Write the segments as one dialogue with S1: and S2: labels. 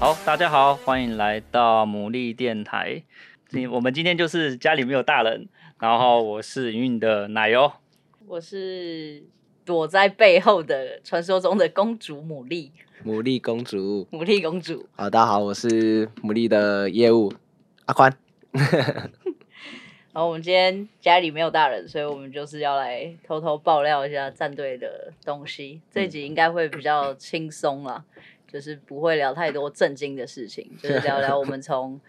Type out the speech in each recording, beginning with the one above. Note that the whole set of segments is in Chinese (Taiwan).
S1: 好，大家好，歡迎來到牡蠣電台。今，我們今天就是家裡沒有大人，然後我是雲雲的奶油，
S2: 我是躲在背後的傳說中的公主牡蠣，
S3: 牡蠣公主，
S2: 牡蠣公主。
S3: 好，大家好，我是牡蠣的業務阿寬。
S2: 然 後我們今天家裡沒有大人，所以我們就是要來偷偷爆料一下戰隊的東西。這集應該會比較輕鬆啦。嗯就是不會聊太多震驚的事情，就是聊聊我們從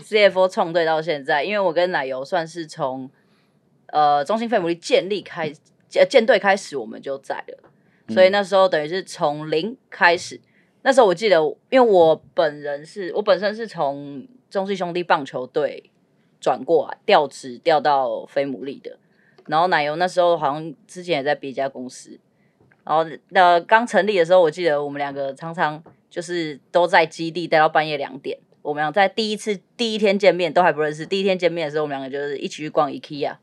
S2: CFO 創隊，到現在。因為我跟奶油算是從呃中信飛牡蠣建立開建建隊開始，我們就在了。嗯。所以那時候等於是從零開始。那時候我記得，因為我本人是我本身是從中信兄弟棒球隊轉過來，調職調到飛牡蠣的。然後奶油那時候好像之前也在別家公司。然後，呃，剛成立的時候，我記得我們兩個常常就是都在基地待到半夜兩點。我們倆在第一次第一天見面都還不認識，第一天見面的時候，我們兩個就是一起去逛 IKEA，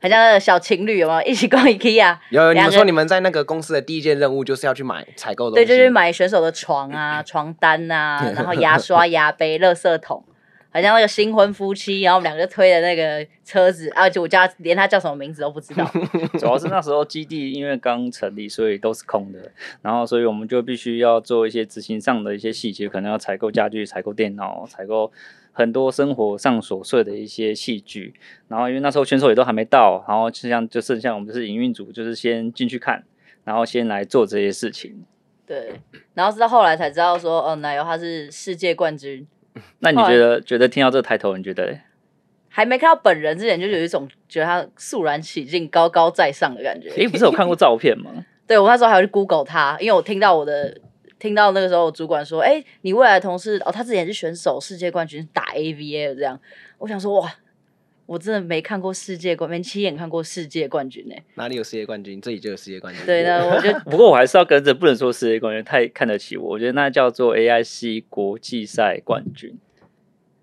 S2: 好像那個小情侶有沒有？一起逛 IKEA。有，
S3: 兩個，你們說你們在那個公司的第一件任務就是要去買採購的？對，就是買
S2: 選手的床啊、床單啊，然後牙刷、牙杯、垃圾桶。好像那個新婚夫妻，然後我們兩個推的那個車子，而、啊、且我家連他叫什麼名字都不知道。
S1: 主要是那時候基地因為剛成立，所以都是空的，然後所以我們就必須要做一些執行上的一些細節，可能要採購家具、採購電腦、採購很多生活上瑣碎的一些器具。然後因為那時候選手也都還沒到，然後就像就剩下我們就是營運組，就是先進去看，然後先來做這些事情。
S2: 對，然後是到後來才知道說，嗯、呃，奶油他是世界冠軍。那你覺得，
S1: 來覺得聽到這個抬頭，你覺得咧，
S2: 還沒看到本人之前，就有一種覺得他肅然起敬、高高在上的感覺。哎、欸，不是我看過
S1: 照片嗎？
S2: 對，我那時候還有去 Google 他，因為我聽到我的聽到那個時候主管說：“哎、欸，你未來的同事哦，他之前是選手，世界冠軍，打 AVA 這樣。”我想說哇。我真的沒看過世界冠，沒親眼看過世界冠軍呢、欸。
S3: 哪裡有世界冠軍？這裡就有
S1: 世界冠軍。對的， 那我覺得。不過我還是要跟着，不能說世界冠軍，太看得起我。我覺得那叫做 AIC
S3: 國際賽冠軍。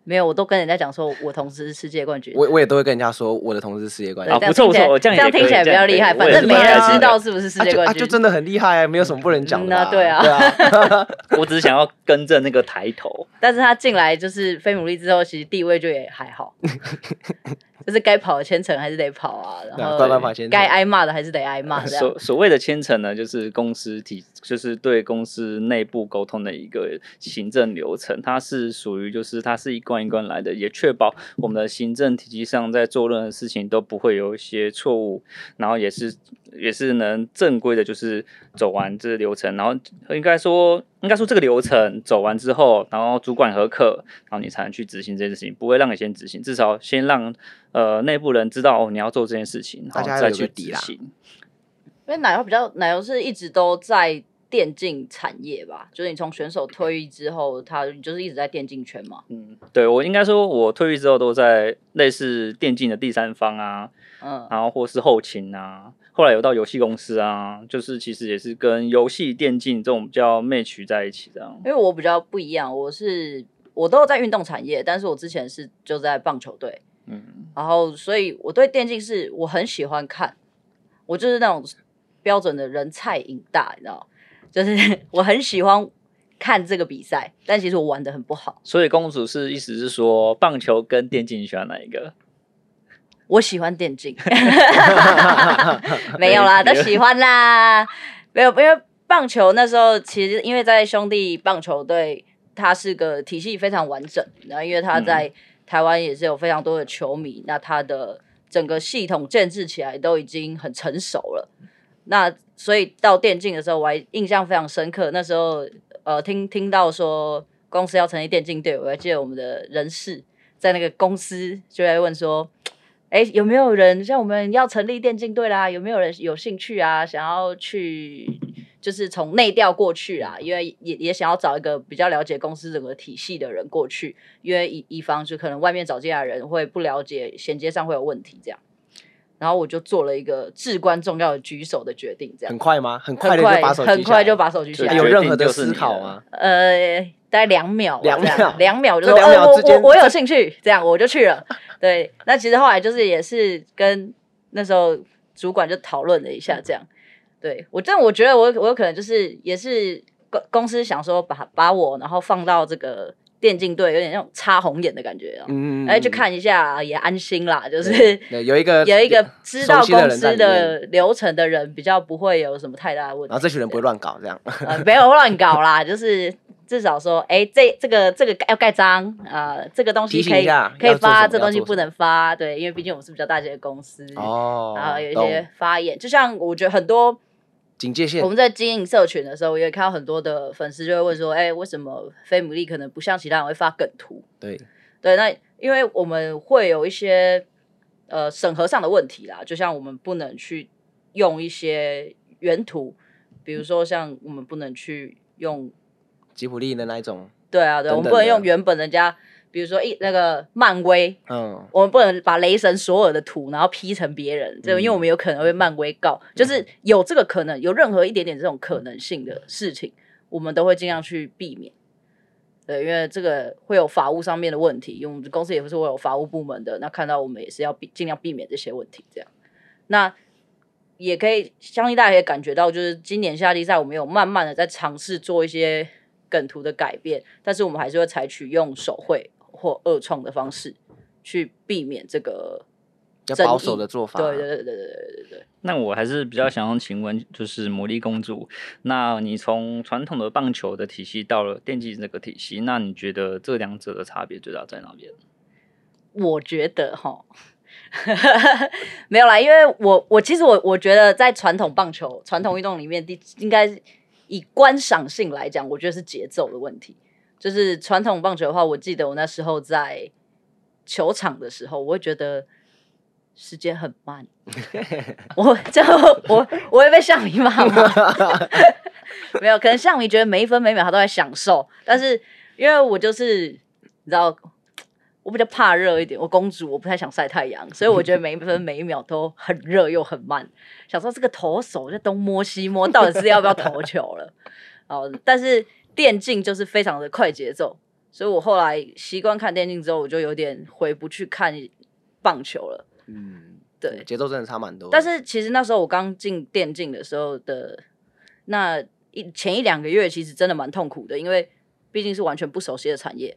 S2: 沒有，我都跟人家講說，我同事是世界冠軍。
S3: 我我也都會跟人家說，我的同事世界冠軍、啊。不錯不錯，這樣，這樣聽起來比較厲害。反正沒人知道是不是世界冠軍，啊啊就、啊、就真的很厲害，沒有什麼不能講的。嗯、對啊，對啊， 我只是想要跟
S1: 着那個抬頭。
S2: 但是他進來就是非努力之後，其實地位就也還好。 就是該跑的簽呈還是得跑啊，然後該挨罵的還是得挨罵。 所
S1: 所謂的簽呈呢，就是公司體，就是對公司內部溝通的一個行政流程，它是屬於就是它是一關一關來的，也確保我們的行政體系上在做任何事情都不會有一些錯誤，然後也是。也是能正規的，就是走完這個流程，然後應該說，應該說這個流程走完之後，然後主管核可，然後你才能去執行這件事情，不會讓你先執行，至少先讓呃內部人知道，哦，你要做這件事情，然後再去抵。行。
S2: 因為奶油比較，奶油是一直都在。電競產業吧，就是你從選手退役之後，他就是一直在電競圈嘛。嗯，
S1: 對，我應該說，我退役之後都在類似電競的第三方啊，嗯，然後或是後勤啊，後來有到遊戲公司啊，就是其實也是跟遊戲電競這種比較 match 在一起這樣。
S2: 因為我比較不一樣，我是我都在運動產業，但是我之前是就在棒球隊，嗯，然後所以我對電競是我很喜歡看，我就是那種標準的人菜癮大，你知道。就是我很喜歡看這個比賽，但其實我玩得很不好。
S1: 所以公主是意思是說，棒球跟電競你喜歡哪一個？
S2: 我喜歡電競，
S1: 沒有啦， 都喜歡
S2: 啦。沒有，因為棒球那時候其實因為在兄弟棒球隊，它是個體系非常完整，然後因為他在台灣也是有非常多的球迷，嗯、那它的整個系統建制起來都已經很成熟了。那所以到電競的時候，我還印象非常深刻。那時候，呃，聽聽到說公司要成立電競隊，我還記得我們的人事在那個公司就在問說，哎、欸，有沒有人像我們要成立電競隊啦？有沒有人有興趣啊？想要去就是從內調過去啊？因為也也想要找一個比較了解公司整個體系的人過去，因為以以防就可能外面找進來的人會不了解，銜接上會有問題這樣。然後我就做了一個至關重要的舉手的決定，
S3: 這樣很快嗎？很快就把手很，很快就把手舉起來，有任何的思考嗎？
S2: 呃，大概兩秒，兩秒，兩秒就說，就是哦，我我，我有興趣， 這樣我就去了。對，那其實後來就是也是跟那時候主管就討論了一下，這樣，嗯、對我，但我覺得我我有可能就是也是公公司想說把把我然後放到這個。電競隊有點那種插紅眼的感覺哦，
S3: 來去看
S2: 一下也安心啦，就是
S3: 有一個有一個知道公司的
S2: 流程的人，比較不會有什麼太大問題。然後
S3: 這群人不會亂搞這樣，
S2: 不要亂搞啦，就是至少說，哎，這這個這個要蓋章啊，這個東西可以可以發，這東西不能發，對，因為畢竟我們是比較大型的公司哦。然
S3: 後有一些
S2: 發言，就像我覺得很多。
S3: 警戒線。我們在
S2: 經營社群的時候，我也看到很多的粉絲就會問說：“哎、欸，為什麼飛姆利可能不像其他人會發梗圖？”對對，那因為我們會有一些呃審核上的問題啦，就像我們不能去用一些原圖，嗯、比如說像我們不能去用吉普利的那一種。對啊，對，等等我們不能用原本人家。比如說，一、欸、那個漫威，嗯，oh. 我們不能把雷神索爾的圖，然後 P 成別人，對，mm. 因為我們有可能會漫威告，就是有這個可能，有任何一點點這種可能性的事情，mm. 我們都會儘量去避免，對，因為這個會有法務上面的問題，因為我們公司也不是會有法務部門的，那看到我們也是要避儘量避免這些問題，這樣，那也可以相信大家也感覺到，就是今年夏季賽，我們有慢慢的在嘗試做一些梗圖的改變，但是我們還是會採取用手繪。Okay. 或惡創的方式去避免這
S1: 個，要保守的做法，啊，對對
S2: 對對對
S1: 對對。那我還是比較想要請問，就是牡蠣公主，嗯、那你從傳統的棒球的體系到了電競這個體系，那你覺得這兩者的差別最大在哪邊？
S2: 我覺得哈， 沒有啦，因為我我其實我我覺得在傳統棒球傳統運動裡面，第應該以觀賞性來講，我覺得是節奏的問題。就是傳統棒球的話，我記得我那時候在球場的時候，我會覺得時間很慢。 我就我我會被向你罵嗎？ 沒有，可能向你覺得每一分每秒他都在享受，但是因為我就是你知道，我比較怕熱一點，我公主我不太想曬太陽，所以我覺得每一分每一秒都很熱又很慢， 想說這個投手在東摸西摸，到底是要不要投球了？哦，但是。電競就是非常的快節奏，所以我後來習慣看電競之後，我就有點回不去看棒球了。
S3: 嗯，對，節奏真的差蠻多。但是
S2: 其實那時候我剛進電競的時候的那一前一兩個月，其實真的蠻痛苦的，因為畢竟是完全不熟悉的產業。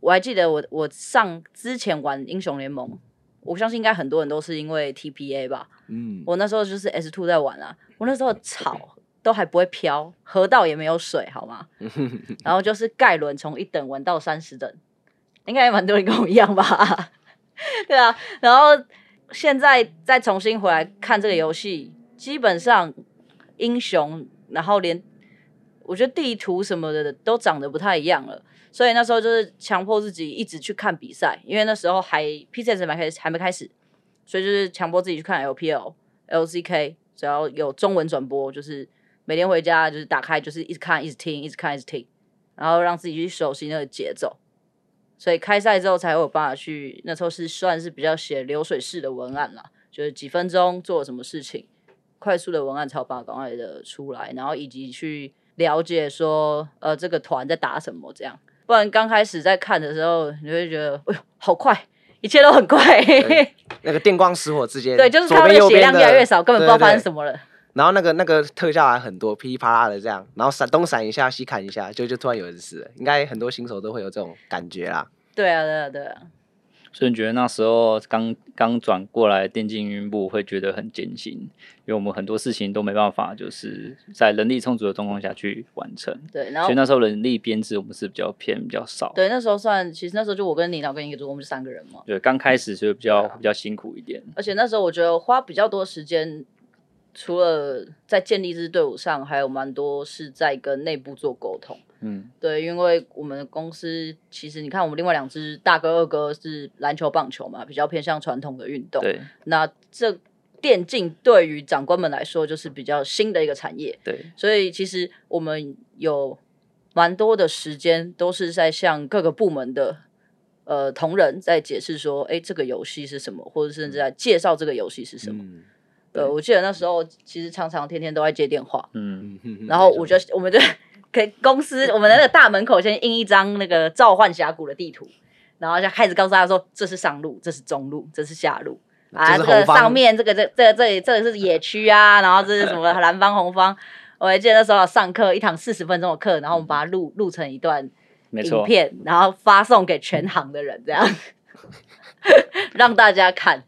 S2: 我還記得我我上之前玩英雄聯盟，我相信應該很多人都是因為 TPA 吧。嗯，我那時候就是 S2 在玩啊，我那時候吵。都還不會飄，河道也沒有水，好嗎？ 然後就是蓋倫從一等玩到三十等，應該也蠻多人跟我一樣吧？ 對啊。然後現在再重新回來看這個遊戲，基本上英雄，然後連我覺得地圖什麼的都長得不太一樣了。所以那時候就是強迫自己一直去看比賽，因為那時候還 P C S 還沒開始，所以就是強迫自己去看 L P L、L C K，只要有中文轉播就是。每天回家就是打開，就是一直看，一直聽，一直看，一直聽，然後讓自己去熟悉那個節奏。所以開賽之後才會有，有辦法去。那時候是算是比較寫流水式的文案了，就是幾分鐘做什麼事情，快速的文案才有辦法趕快的出來，然後以及去了解說，呃，這個團在打什麼這樣。不然剛開始在看的時候，你會覺得，哎呦，好快，
S3: 一切都很快，嗯、那個電光石火之間，對，就是看他的血量越來越少，左邊右邊的根本不知道發生什麼了，對對對。然後那個那個特效還很多，噼里啪啦的這樣，然後閃東閃一下，西砍一下，就就突然有人死了，應該很多新手都會有這種感覺啦。
S2: 對啊，對啊，對
S3: 啊。所以你覺
S1: 得那時候剛剛轉過來電競營運部會覺得很艱辛，因為我們很多事情都沒辦法就是在人力充足的狀況下去完成。對，然後所以那時候人力編制我們是比較偏比較少。對，
S2: 那時候算其實那時候就我跟領導跟一個組，我們是三個人嘛。
S1: 對，剛開始就比較、啊、比較辛苦一點。
S2: 而且那時候我覺得花比較多時間。除了在建立這支隊伍上，還有蠻多是在跟內部做溝通。嗯，對，因為我們的公司其實你看，我們另外兩支大哥二哥是籃球、棒球嘛，比較偏向傳統的運動。對，那這電競對於長官們來說就是比較新的一個產業。對，所以其實我們有蠻多的時間都是在向各個部門的呃同仁在解釋說，哎、欸，這個遊戲是什麼，或者甚至在介紹這個遊戲是什麼。嗯對，我記得那時候其實常常天天都在接電話，嗯，然後我就錯我們就給公司我們那個大門口先印一張那個《召喚峽谷》的地圖，然後就開始告訴他說這是上路，這是中路，這是下路是啊，這個上面這個這這個、這裡這裡是野區啊， 然後這是什麼藍方紅方。 我還記得那時候上課一堂四十分鐘的課，然後我們把它錄錄成一段影片，錯然後發送給全行的人這樣， 讓大家看。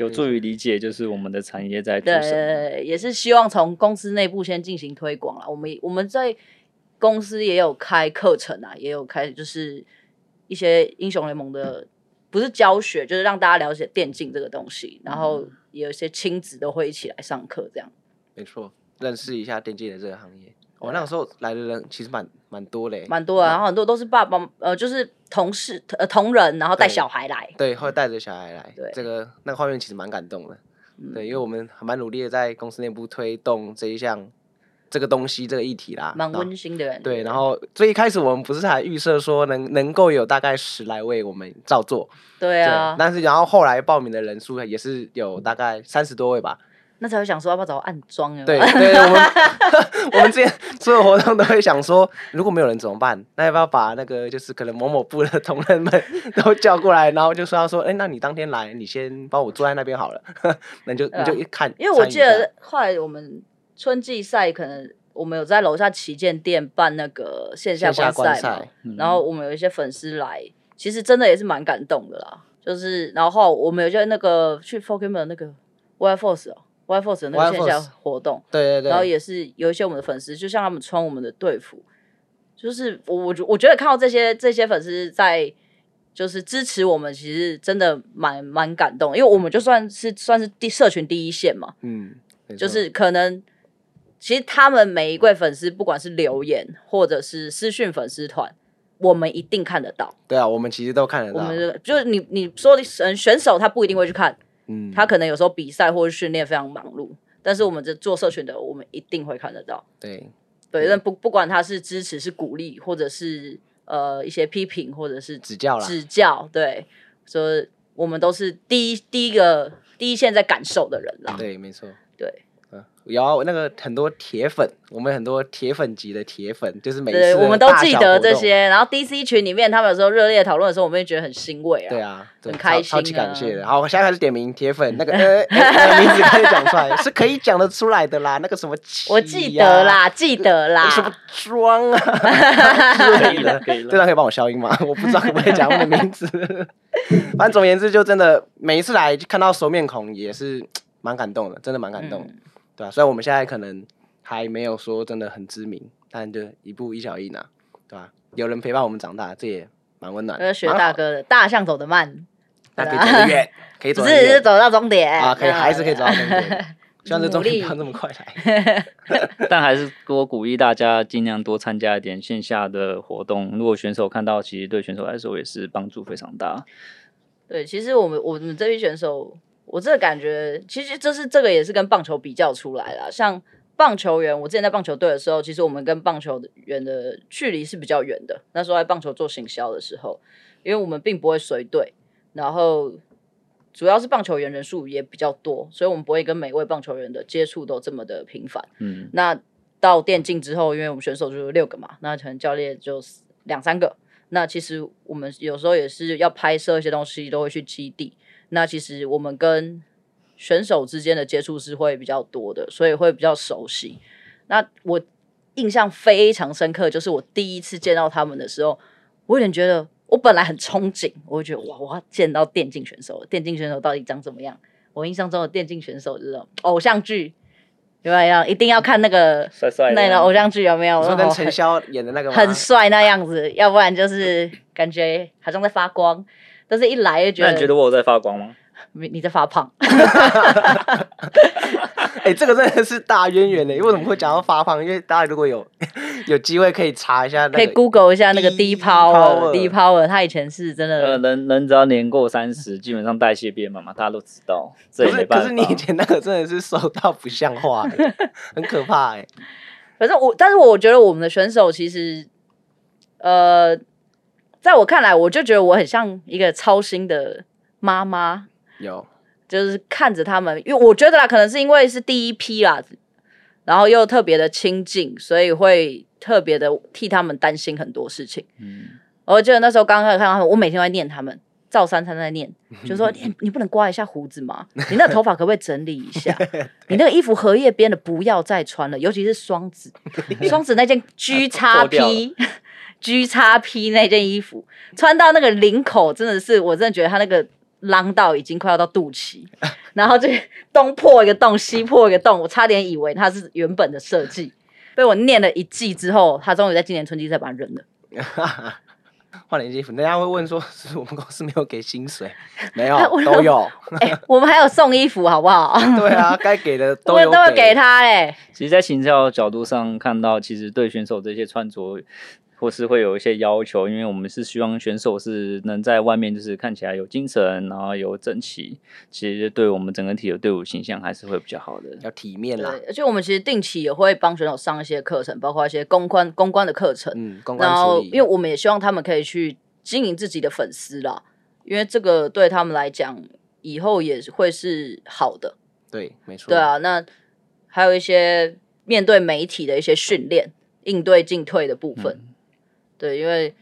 S1: 有助於理解，就是我們的產業在做對,對,對,對，
S2: 也是希望從公司內部先進行推廣啦。我們我們在公司也有開課程啊，也有開就是一些英雄聯盟的，不是教學，就是讓大家了解電競這個東西。嗯，然後也有些親子都會一起來上課，這樣。
S3: 沒錯，認識一下電競的這個行業。我、哦、那個時候來的人其實蠻蠻多嘞、欸，蠻
S2: 多的，然後很多都是爸爸，呃，就是同事，呃，同仁，然後帶小孩來，
S3: 對，會帶着小孩來，對、嗯，這個那個畫面其實蠻感動的，嗯、對，因為我們還蠻努力的在公司內部推動這一項這個東西這個議題啦，蠻溫馨的人，人。對，然後最一開始我們不是還預設說能能夠有大概十來位我們照做，
S2: 對啊對，
S3: 但是然後後來報名的人數也是有大概三十多位吧。
S2: 那才會想說要不要找我暗樁，哎？對對，對，我
S3: 們 我們之前所有活動都會想說，如果沒有人怎麼辦？那要不要把那個就是可能某某部的同仁們，都叫過來，然後就說要說，哎、欸，那你當天來，你先幫我坐在那邊好了 那你就、啊，那就你就一看一。因為我記得
S2: 後來我們春季賽可能我們有在樓下旗艦店辦那個線下觀賽，然後我們有一些粉絲來，其實真的也是蠻感動的啦。就是然後，後我們有在那個去 Focus 的那個威秀哦、喔。Yforce 那個線下活動，Force, 對對對，然後也是有一些我們的粉絲，就像他們穿我們的隊服，就是我我我覺得看到這些這些粉絲在就是支持我們，其實真的蠻蠻感動，因為我們就算是算是第社群第一線嘛，嗯，就是可能其實他們每一位粉絲，不管是留言或者是私訊粉絲團，我們一定看得到。
S3: 對啊，我們其實都看得到。我們
S2: 就是你你說的選選手，他不一定會去看。嗯、他可能有時候比賽或訓練非常忙碌，但是我們這做社群的，我們一定會看得到。
S3: 對對，對嗯、不
S2: 不管他是支持、是鼓勵，或者是呃一些批評，或者是指教啦指教啦。對，所以我們都是第一第一個第一線在感受的人啦，嗯、
S3: 對，沒錯，對。有那個很多鐵粉，我們很多鐵粉級的鐵粉，就是每一次我們都記得這些。
S2: 然後 DC 群裡面，他們有時候熱烈討論的時候，我們會覺得很欣慰啊。對啊，對，很開心啊。超，超級感謝的。
S3: 好，我現在開始點名鐵粉， 那個呃、呃、呃，名字可以講出來， 是可以講得出來的啦。那個什麼、啊，我記得啦，記得啦。什麼裝啊？對 的了，可以可以，這張可以幫我消音嗎？我不知道可不可以講我的名字。 反正總言之，就真的每一次來就看到熟面孔，也是蠻感動的，真的蠻感動。嗯對吧、啊？雖然我們現在可能還沒有說真的很知名，但就一步一小一拿對吧、啊？有人陪伴我們長大，這也蠻溫暖的。學大哥，
S2: 好大象走得慢，啊啊、
S3: 可以走得遠，可以走到，走
S2: 到終點啊，可以、啊、還是可以走到終點，
S3: 力像這終點不要那麼快
S1: 來。 但還是多鼓勵大家，儘量多參加一點線下的活動。如果選手看到，其實對選手來說也是幫助非常大。
S2: 對，其實我們我們這批選手。我這個感覺，其實這是這個也是跟棒球比較出來啦。像棒球員，我之前在棒球隊的時候，其實我們跟棒球員的距離是比較遠的。那時候在棒球做行銷的時候，因為我們並不會隨隊，然後主要是棒球員人數也比較多，所以我們不會跟每一位棒球員的接觸都這麼的頻繁。嗯，那到電競之後，因為我們選手就是六個嘛，那可能教練就兩三個。那其實我們有時候也是要拍攝一些東西，都會去基地。那其實我們跟選手之間的接觸是會比較多的，所以會比較熟悉。那我印象非常深刻，就是我第一次見到他們的時候，我有點覺得我本來很憧憬，我會覺得哇，我要見到電競選手，電競選手到底長怎麼樣？我印象中的電競選手就是偶像劇，有沒有？一定要看那個
S3: 帥帥那個偶
S2: 像劇，有沒有？說跟陳瀟演的那個嗎？很帥那樣子， 要不然就是感覺好像在發光。但是一來就覺得，那你覺
S3: 得我在發光嗎？
S1: 你
S2: 你在發胖。
S3: 哎、， 欸，這個真的是大淵源嘞！為什麼會講到發胖？因為大家如果有有機會可以查一下，可以
S2: Google 一下那個低拋爾，低拋了。Power,
S1: power，他以前是真的，呃，能人，人只要年過三十，基本上代謝變慢嘛，大家
S3: 都知道，這沒辦法可。可是你以前那個真的是瘦到不像話，很可怕哎。
S2: 反正 我，但是我我覺得我們的選手其實，呃。在我看來，我就覺得我很像一個操心的媽媽，有，就是看着他們，因為我覺得啦，可能是因為是第一批啦，然後又特別的親近，所以會特別的替他們擔心很多事情。嗯，我記得那時候剛開始看到他們，我每天都在念他們，照三餐在念，就說、 欸、你不能刮一下鬍子嗎？你那個頭髮可不可以整理一下？你、 欸、那個衣服荷葉邊的不要再穿了，尤其是雙子， 雙子那件 G 叉 P。G 叉 P 那件衣服穿到那個領口，真的是，我真的覺得他那個浪到已經快要到肚臍， 然後就東破一個洞，西破一個洞，我差點以為他是原本的設計。被我念了一季之後，他終於在今年春季才把它扔
S3: 了。換了 一件衣服，人家會問說，是我們公司沒有給薪水？沒有， 的都有、 欸。
S2: 我們還有送衣服，好不好？ 對啊，
S3: 該給的都有給 都會給他。哎，其實，在形
S1: 象角度上看到，其實對選手這些穿着。或是會有一些要求，因為我們是希望選手是能在外面就是看起來有精神，然後有整齊，其實對我們整個體的隊伍形象還是會比較好的，要體面啦。
S2: 而且我們其實定期也會幫選手上一些課程，包括一些公關公關的課程，嗯，然後因為我們也希望他們可以去經營自己的粉絲啦，因為這個對他們來講以後也會是好的。
S3: 對，沒錯。對啊，
S2: 那還有一些面對媒體的一些訓練，應對進退的部分。嗯對，因為，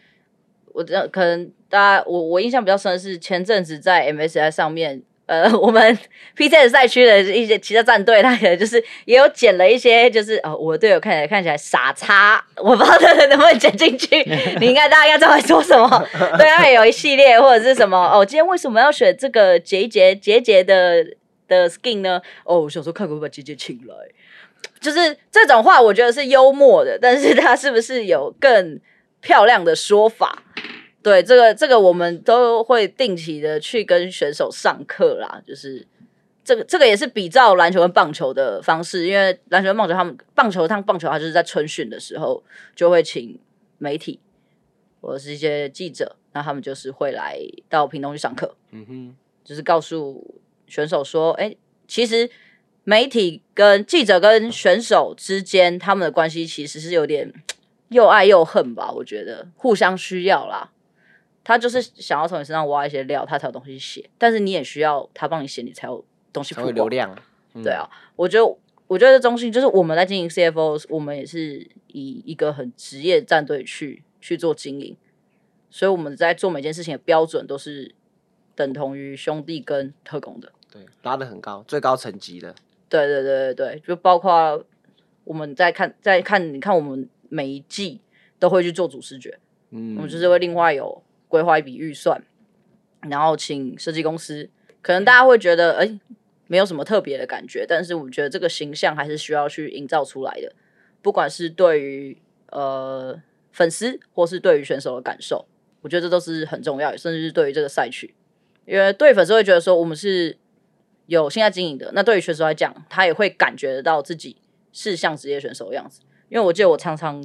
S2: 我這樣可能大家我我印象比較深的是前陣子在 MSI 上面，呃，我們 PCS 賽區的一些其他戰隊，他也就是也有剪了一些，就是哦，我的隊友看起來看起來傻叉，我不知道他能不能剪進去。你應該大家應該知道說什麼，對他 也有一系列或者是什麼哦，今天為什麼要選這個杰杰杰杰的的 skin 呢？哦，我小時候看過把杰杰請來，就是這種話，我覺得是幽默的，但是他是不是有更？漂亮的說法，對這個，這個我們都會定期的去跟選手上課啦。就是這個，這個也是比照籃球跟棒球的方式，因為籃球跟棒球，他們棒球，他們棒球，他就是在春訓的時候就會請媒體或者是一些記者，那他們就是會來到屏東去上課。嗯哼，就是告訴選手說，哎、欸，其實媒體跟記者跟選手之間，他們的關係其實是有點。又愛又恨吧，我覺得互相需要啦。他就是想要從你身上挖一些料，他才有東西寫，但是你也需要他幫你寫，你才有東西。有流量啊。嗯，對啊，我覺得，我覺得中心就是我們在經營 CFO，我們也是以一個很職業戰隊去去做經營，所以我們在做每件事情的標準都是等同於兄弟跟特工的。
S3: 對，拉得很高，最高層級的。
S2: 對對對對，就包括我們在看，在看，你看我們。每一季都會去做主視覺，
S3: 嗯，我們就是
S2: 會另外有規劃一筆預算，然後請設計公司。可能大家會覺得，哎，沒有什麼特別的感覺。但是我覺得這個形象還是需要去營造出來的，不管是對於呃粉絲，或是對於選手的感受，我覺得這都是很重要，甚至是對於這個賽區，因為對於粉絲會覺得說我們是有現在經營的，那對於選手來講，他也會感覺得到自己是像職業選手的樣子。因為我記得我常常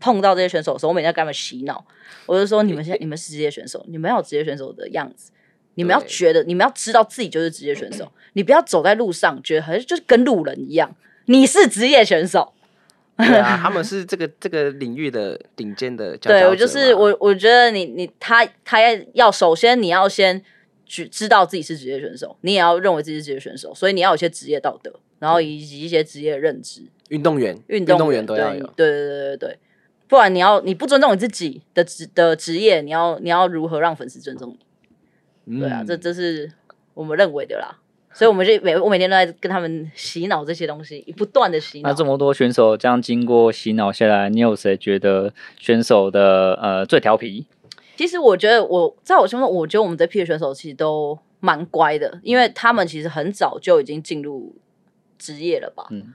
S2: 碰到這些選手的時候，我每天給他們洗腦，我就說：“你們現你們是職業選手，你們要有職業選手的樣子，對你們要覺得，你們要知道自己就是職業選手，你不要走在路上覺得好像就是跟路人一樣，你是職業選手。
S3: 對啊”他們是這個 這個領域的頂尖的小小。對，我就是我，我覺
S2: 得你你他他要要首先你要先去知道自己是職業選手，你也要認為自己是職業選手，所以你要有一些職業道德，然後以及一些職業認知。
S3: 運動員，運動員，運動員都要有，
S2: 對，對對對對，不然你要你不尊重你自己的職的職業，你要你要如何讓粉絲尊重你？嗯、
S1: 對啊，這
S2: 這是我們認為的啦，所以我們就每我每天都在跟他們洗腦這些東西，不斷的洗腦。那這麼
S1: 多選手這樣經過洗腦下來，你有誰覺得選手的呃最調皮？
S2: 其實我覺得我，我在我心目中，我覺得我們這批的選手其實都蠻乖的，因為他們其實很早就已經進入職業了吧。嗯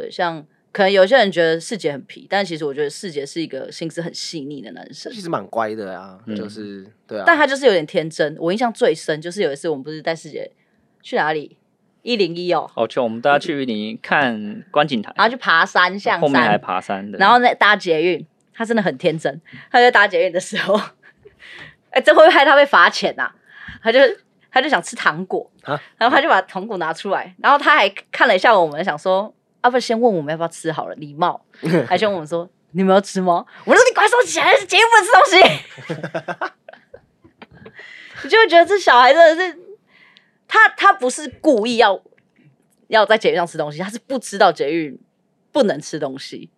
S2: 對，像可能有些人覺得世傑很皮，但其實我覺得世傑是一個心思很細膩的男生。其實蠻乖的啊，嗯、
S1: 就是
S3: 對啊，但他就是有點
S2: 天真。我印象最深就是有一次，我們不是帶世傑去哪裡？一零一哦，
S1: 哦，去我們大家去一零一、嗯、看觀景台，然
S2: 後去爬山，像，象山還爬山的，然後呢搭捷運，他真的很天真。他在搭捷運的時候，哎、 欸，這會害他被罰錢吶、啊，他就他就想吃糖果蛤然後他就把糖果拿出來，然後他還看了一下我們，想說。阿伯、啊、先問我們要不要吃好了，禮貌還先問我們說：“ 你們要吃嗎？”我說，你說起來：“你快收起，還是捷運不吃東西。 ”你就會覺得這小孩真的是，他他不是故意要要在捷運上吃東西，他是不知道捷運不能吃東西。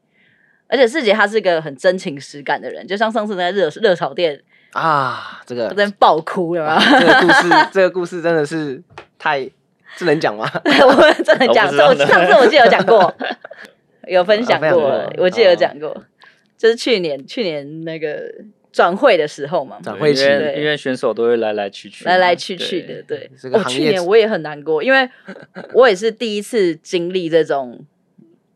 S2: 而且四姐她是一個很真情實感的人，就像上次在熱熱炒店
S3: 啊，這個在邊爆哭了嗎、啊？這個故事， 這個故事真的是太。這能講嗎？我
S1: 這能講，我上次我記得有講
S3: 過，有
S2: 分享過，我記得有講過，就是去年去年那個轉會的
S1: 時候嘛。轉會期因為選手都會來來去去，來來去去的，對。這個行業。哦，去年我也
S2: 很難過，因為我也是第一次經歷這種，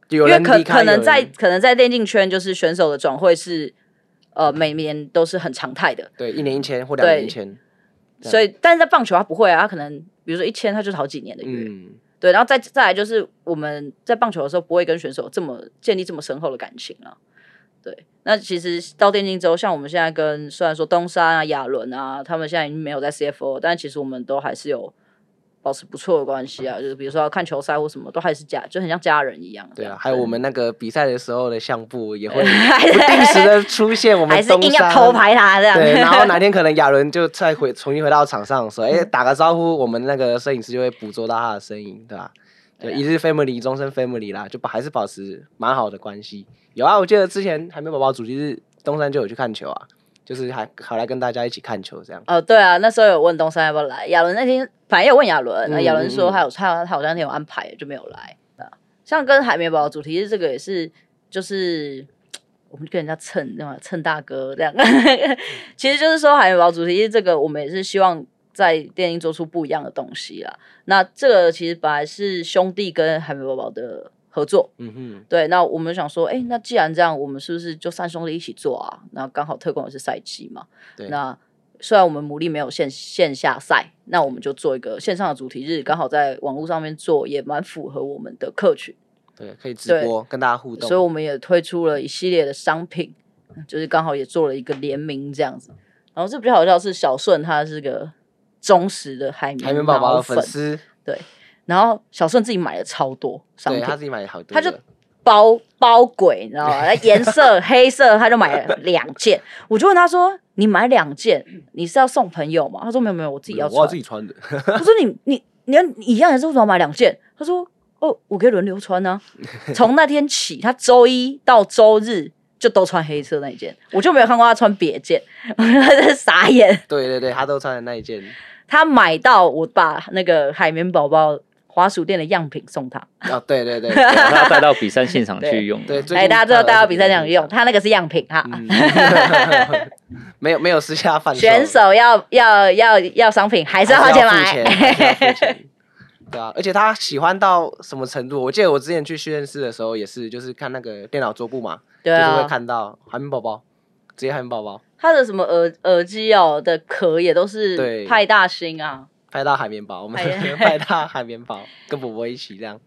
S3: 因為可可能在
S2: 可能在電競圈，就是選手的轉會是呃每年都是很常態的，對，一
S3: 年一千或兩年一千。對所以，
S2: 但是在棒球，他不會啊，他可能比如說一簽，他就是好幾年的約，嗯、對，然後再再來就是我們在棒球的時候，不會跟選手這麼建立這麼深厚的感情了、啊，對。那其實到電競之後，像我們現在跟雖然說東山啊、亞倫啊，他們現在已經沒有在 CFO，但其實我們都還是有。保持不錯的關係啊，就是比如說要看球賽或什麼都還是家，就很像家人一樣，樣。
S3: 對啊，嗯、還有我們那個比賽的時候的相簿也會不定時的出現。我們 還是一定要偷拍他這樣。對，然後哪天可能亞倫就再回重新回到場上的時候哎，打個招呼，我們那個攝影師就會捕捉到他的身影，對吧、啊？對、啊，一日 family，終身 family 啦，就還是保持蠻好的關係。有啊，我記得之前海綿寶寶主題日，東山就有去看球啊。就是還好，來跟大家一起看球這樣。
S2: 哦，對啊，那時候有問東山要不要來，亞倫那天反正有問亞倫，亞倫、嗯、說他有他他好像那天有安排就沒有來。啊、像跟海綿寶寶主題是這個也是就是我們跟人家蹭，對吧？蹭大哥這樣。 其實就是說海綿寶寶主題，這個我們也是希望在電影做出不一樣的東西啦。那這個其實本來是兄弟跟海綿寶寶的。合作，嗯哼，對，那我們想說，哎、欸，那既然這樣，我們是不是就三兄弟一起做啊？那剛好特工也是賽季嘛，對。那雖然我們牡蠣沒有線線下賽，那我們就做一個線上的主題日，剛好在網絡上面做，也蠻符合我們的客群。對，
S3: 可以直播對跟大家互動。所以我
S2: 們也推出了一系列的商品，就是剛好也做了一個聯名這樣子。然後這比較好笑是小順，他是個忠實的海綿海綿寶寶的粉絲，對。然後小順自己買了超多，對，他自己買了好多的，他就包包鬼，你知道嗎？顏對色 黑色，他就買了兩件。我就問他說：“你買兩件，你是要送朋友嗎？”他說：“沒有，沒有，我自己要穿。嗯”我要自己穿的。我 說你：“你你你一樣也是為什麼要買兩件？”他說：“哦，我可以輪流穿呢、啊。”從 那天起，他周一到周日就都穿黑色那一件，我就沒有看過他穿別件， 他傻眼。
S3: 對對對，他都穿的那一件。
S2: 他買到我把那個海綿寶寶，滑鼠店的樣品送他啊！
S1: 對對
S3: 對，他帶
S1: 到比賽現場去用。
S3: 對，哎，大家最後帶到比
S2: 賽現場去用，他那個是樣品哈。
S3: 沒有沒有私下販售。選
S2: 手要要要要商品，還是要花錢買？
S3: 對啊，而且他喜歡到什麼程度？我記得我之前去訓練室的時候，也是就是看那個電腦桌布嘛，對啊，就是會看到海綿寶寶，直接海綿寶寶。
S2: 他的什麼耳耳機哦的殼也都是派大星啊。
S3: 拍到海綿寶，我們拍到海綿寶 跟伯伯一起這樣。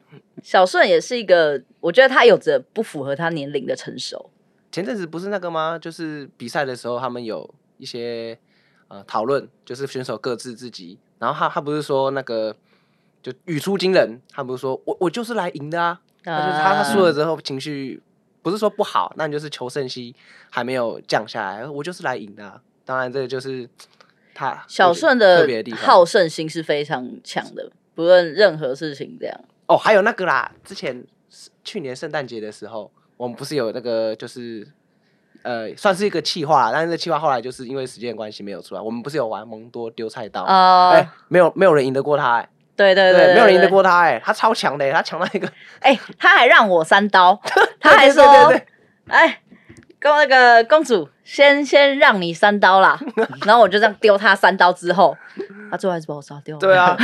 S3: 小順也是一個，我覺得他有着不符合他年齡的成熟。前陣子不是那個嗎？就是比賽的時候，他們有一些呃討論，就是選手各自自己，然後他他不是說那個就語出驚人，他不是說我我就是來贏的啊。他就是他輸了之後情緒不是說不好，那你就是求勝心還沒有降下來，我就是來贏的啊。當然這個就是。小順的好
S2: 勝心是非常強的，
S3: 不論任何事情這樣。哦，還有那個啦，之前去年聖誕節的時候，我們不是有那個就是呃，算是一個企劃，但是企劃後來就是因為時間關係沒有出來。我們不是有玩蒙多丟菜刀哦、呃欸，沒有，沒有人贏得過他、欸。對對對，對，對對對，沒有人贏得過他、欸。哎，他超強的、欸，他強到一個，哎、欸，他還讓我三刀， 他
S2: 還說，哎、欸。跟那個公主先先讓你三刀啦， 然後我就這樣丟他三刀之後，他、 啊、最後還是把我殺掉了。對啊，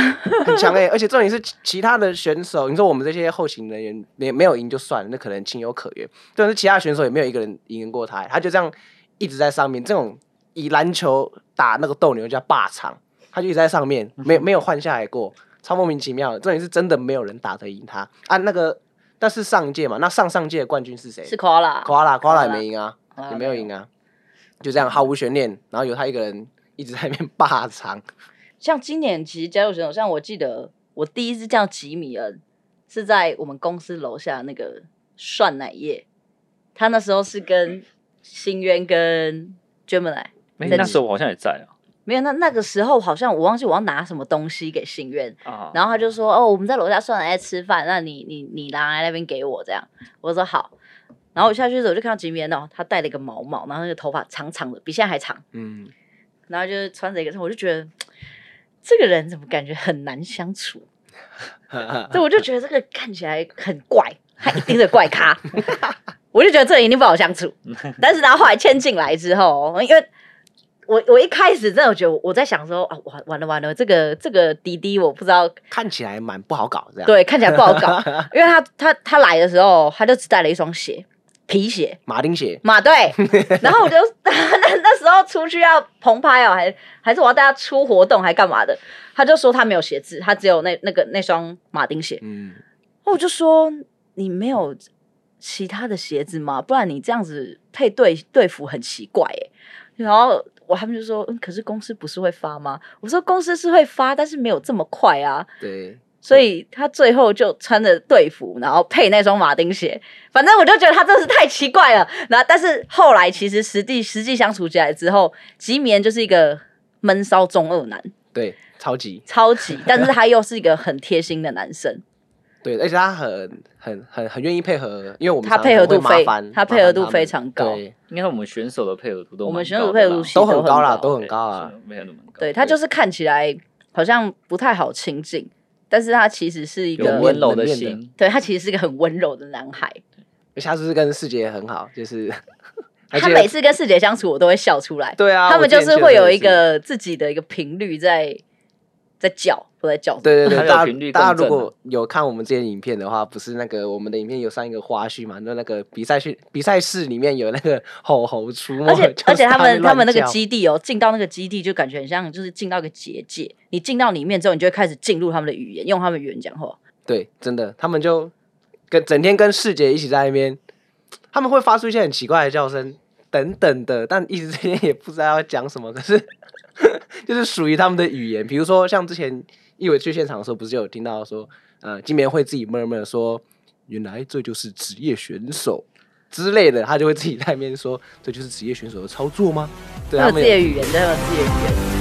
S3: 很強哎、欸！ 而且重點是其他的選手，你說我們這些後勤人員沒沒有贏就算了，那可能情有可原。但是其他的選手也沒有一個人贏過他、欸，他就這樣一直在上面。這種以籃球打那個鬥牛叫霸場，他就一直在上面，嗯、哼沒沒有換下來過，超莫名其妙的。重點是真的沒有人打得贏他啊！那個。但是上一屆嘛，那上上屆的冠軍是誰？是誇啦、誇啦，誇啦誇啦也沒贏啊，啦也沒有贏啊，啦就這樣毫無懸念，嗯、然後由他一個人一直在那邊霸場。
S2: 像今年其實加入選手，像我記得我第一次叫吉米恩是在我們公司樓下那個酸奶業，他那時候是跟新淵跟 Juman 來、嗯，沒你、欸，那時候我好像也在啊。沒有，那那個時候好像我忘記我要拿什麼東西給心願，oh. 然後他就說：“哦，我們在樓下算了，在吃飯，那你你你拿來那邊給我這樣。”我說：“好。”然後我下去的時候，我就看到金邊哦，他戴了一個毛毛，然後那個頭髮長長的，比現在還長。嗯，然
S1: 後就
S2: 穿着一個，我就覺得這個人怎麼感覺很難相處？
S3: 對， 我
S2: 就覺得這個看起來很怪，他一定是怪咖， 我就覺得這一定不好相處。但是然後後來遷進來之後，因為。我我一開始真的覺得我在想說啊，完完了，完了，這個這個滴滴我不知道，看
S3: 起來蠻不好搞這樣。對，看起來不好搞，
S2: 因為他他他來的時候他就只帶了一雙鞋，皮鞋，馬丁鞋，馬隊然後我就那 那時候出去要棚拍哦、喔，還還是我要帶他出活動還幹嘛的？他就說他沒有鞋子，他只有那那個那雙馬丁鞋。嗯，我就說你沒有其他的鞋子嗎？不然你這樣子配隊隊服很奇怪、欸、然後。我他們就說，嗯，可是公司不是會發嗎？我說公司是會發，但是沒有這麼快啊。對，對，所以他最後就穿着隊服，然後配那雙馬丁鞋。反正我就覺得他真是太奇怪了。然後，但是後來其實實際實際相處起來之後，吉米就是一個悶騷中二男，
S3: 對，超級超級，但是他
S2: 又是一個很貼心的男生。
S3: 對，而且他很、很、很、很願意配合，因為我們常常會會他配合度非，他配合度非常高。對，應該說，我們選手的配合度都都，我們選手配合度都很高
S2: 啦，
S1: 都
S3: 很高啊。沒有那麼高。
S2: 對，他就是看起來好像不太好親近，對但是他其實是一個溫柔的心。對，他其實是一個很溫柔的男孩，
S3: 下次是跟世杰也很好，就是他每次
S2: 跟世杰相處，我都會笑出來。對啊，他們就是會有一個自己的一個頻率在。在叫，都在叫。對對對，大家， 大家，大家如果
S3: 有看我們這些影片的話，不是那個我們的影片，有上一個花絮嘛？那那個比賽訓比賽室裡面有那個吼吼出，而且而且他們他們那個基
S2: 地哦、喔，進到那個基地就感覺很像就是進到一個結界，你進到裡面之後，你就會開始進入他們的語言，用他們語言講話。
S3: 對，真的，他們就跟整天跟世傑一起在那邊，他們會發出一些很奇怪的叫聲等等的，但一直之間也不知道要講什麼，可是。就是屬於他們的語言，比如說像之前一偉去現場的時候，不是就有聽到說，呃，金綿會自己默默的說，原來這就是職業選手之類的，他就會自己在那邊說，這就是職業選手的操作嗎？對啊，自己的語言，他們自己的語言。